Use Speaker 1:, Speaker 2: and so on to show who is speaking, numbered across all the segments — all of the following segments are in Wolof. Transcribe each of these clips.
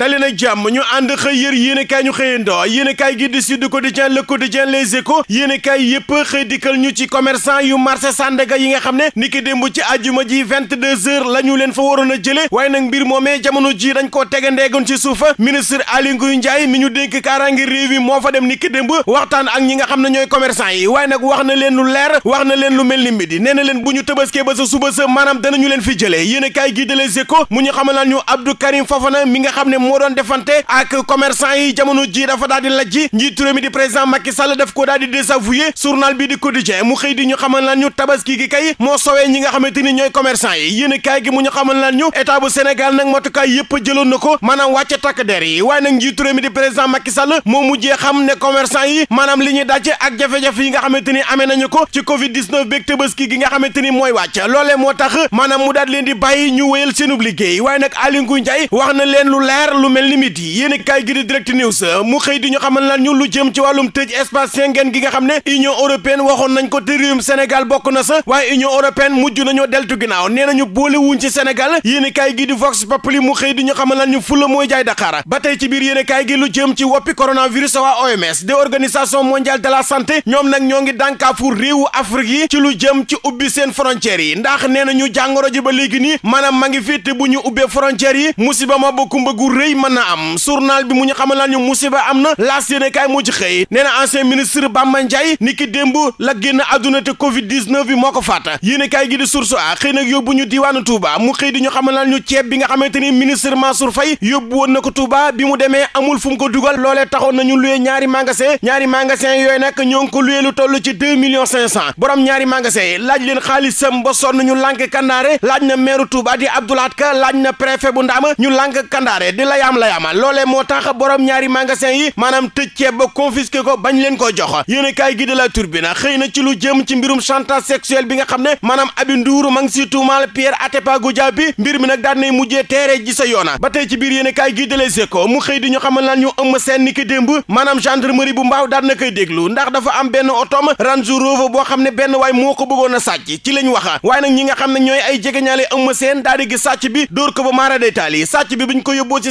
Speaker 1: dali na jàmm ñu ànd xëy yër yéen kaay ñu xëyandoo yéen kaay gi di Sud Quotidien Le Quotidien Les Échos yéen kaay yëpp xëy dikkal ñu ci commerçant yu marché Sandaga yi nga xam ne niki démb ci àjjuma ji 22h la ñu leen fa waroon a jëlee waaye nag mbir moomee jamono ji dañ koo tegandeegoon ci suufa ministre Aly Ngouille Ndiaye mi ñu dénk kaaraange réew mi moo fa dem niki démb waxtaan ak ñi nga xam ne ñooy commerçant yi waaye nag wax na leen lu leer leen lu mel leen bu ñu tëbaskee ba sa suba maanaam danañu leen fi jëlee yéen kaay gi de Les Échos nga xam ne moo doon defante ak commerçant yi jamono ji dafa daal di lajji njiitu réew mi di président Macky Sall ko daal di désavoué bi di quotidien mu xëy di ñu xamal lan ñu tabaski gi kay moo sowee ñi nga xamante ni ñooy commerçant yi yéen kaay gi mu ñu xamal lan ñu état nag matukaay yëpp jëloon na ko maanaam wàcce takk der yi waaye nag njiitu réew mi di président Macky Sall moo mujjee xam ne commerçant yi maanaam li ñuy daj ak jafe-jafe yi nga xamante ni amee nañu ko ci covid 19 beeg tabaski gi nga xamante ni mooy wàcc loolee moo tax maanaam mu daal leen di bàyyi ñu wéyal liggéey waaye nag Aly Ngouille Ndiaye wax na leen lu leer lu mel ni midi yéen i kaay gi di direct news mu xëy di ñu xamal la ñu lu jëm ci wàllum tëj espace Schengen gi nga xam ne union européenne waxoon nañ ko te réewum Sénégal bokk na sa waaye union européenne mujj nañoo deltu ginnaaw nee nañu boole wuñ ci Sénégal yéen i kaay gi di Vox Populi mu xëy di ñu xamal la ñu fula mooy jaay Dakar ba tey ci biir yéen i gi lu jëm ci woppi coronavirus waa OMS de organisation mondiale de la santé ñoom nag ñoo ngi dànkaafu réewu Afrique yi ci lu jëm ci ubbi seen frontières yi ndax nee nañu jàngoro ji ba léegi nii maanaam ma ngi fi te bu ñu ubbee ma ba kumba gu rëy mën na am journal bi mu ñu xamal ñu musiba am na laas yéene kaay moo ci xëy nee na ancien ministre Bamba Ndiaye ni ki démb la génn àdduna te Covid 19 bi moo ko faata yéene kaay gi di source a xëy nag yóbbu ñu diwaanu Touba mu xëy di ñu xamal ñu ceeb bi nga xamante ni ministre Mansour Faye yóbbu woon na ko Touba bi mu demee amul fu mu ko dugal loolee taxoon nañu luye ñaari magasin ñaari magasin yooyu nag ñoo ngi lu toll ci deux millions cinq cent borom ñaari magasin yi laaj leen xaalisam ba sonn ñu lànk kandaare laaj na maire Touba di Abdoulaye Ka laaj na préfet bu Ndama ñu lànk kandaare layaam layaamal loolee moo tax borom ñaari magasin yi maanaam tëj ceeb ba confisqué ko bañ leen koo jox yéen a kaay gi de la xëy na ci lu jëm ci mbirum chantage sexuel bi nga xam ne maanaam abi nduur ma ngi si tuumaal Pierre Atepa Goudiaby mbir mi nag daan nay mujjee teere ji sa yoona ba tey ci biir yéen a kaay gi de les échos mu xëy di ñu xamal naan ñu ëmm seen ni ki démb maanaam gendarmerie bu mbaaw daan na koy déglu ndax dafa am benn otom Range Rover boo xam ne benn waay moo ko bëggoon a sàcc ci lañ wax waaye nag ñi nga xam ne ñooy ay jegeñaale ëmm seen daal di gi sàcc bi dóor ko ba maara day bi buñ ko yóbboo ci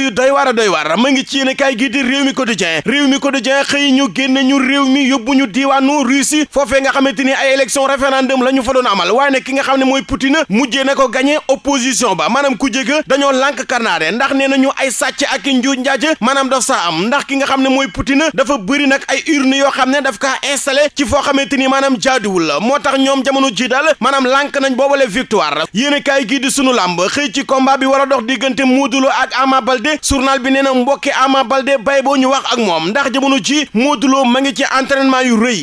Speaker 1: mbir yu doy waar a doy waar ma ngi ci yéen kaay gii di réew mi quotidien réew mi quotidien xëy ñu génne ñu mi yóbbu ñu diiwaanu Russie foofee nga xamante ni ay élection référendum la ñu amal waaye nag ki nga xam ne mooy Poutine mujjee na ko gagné opposition ba maanaam ku jege dañoo lànk karnaare ndax nee nañu ay sàcc ak njuuj njaaj maanaam daf ndax ki nga xam ne mooy Poutine dafa bëri ay urne yoo xam ne daf kaa installé ci foo xamante ni maanaam jaaduwul a Balde journal bi nee na mbokki Ama Balde bay boo ñu wax ak moom ndax jamono ci Modou Lo ma ngi ci entraînement yu rëy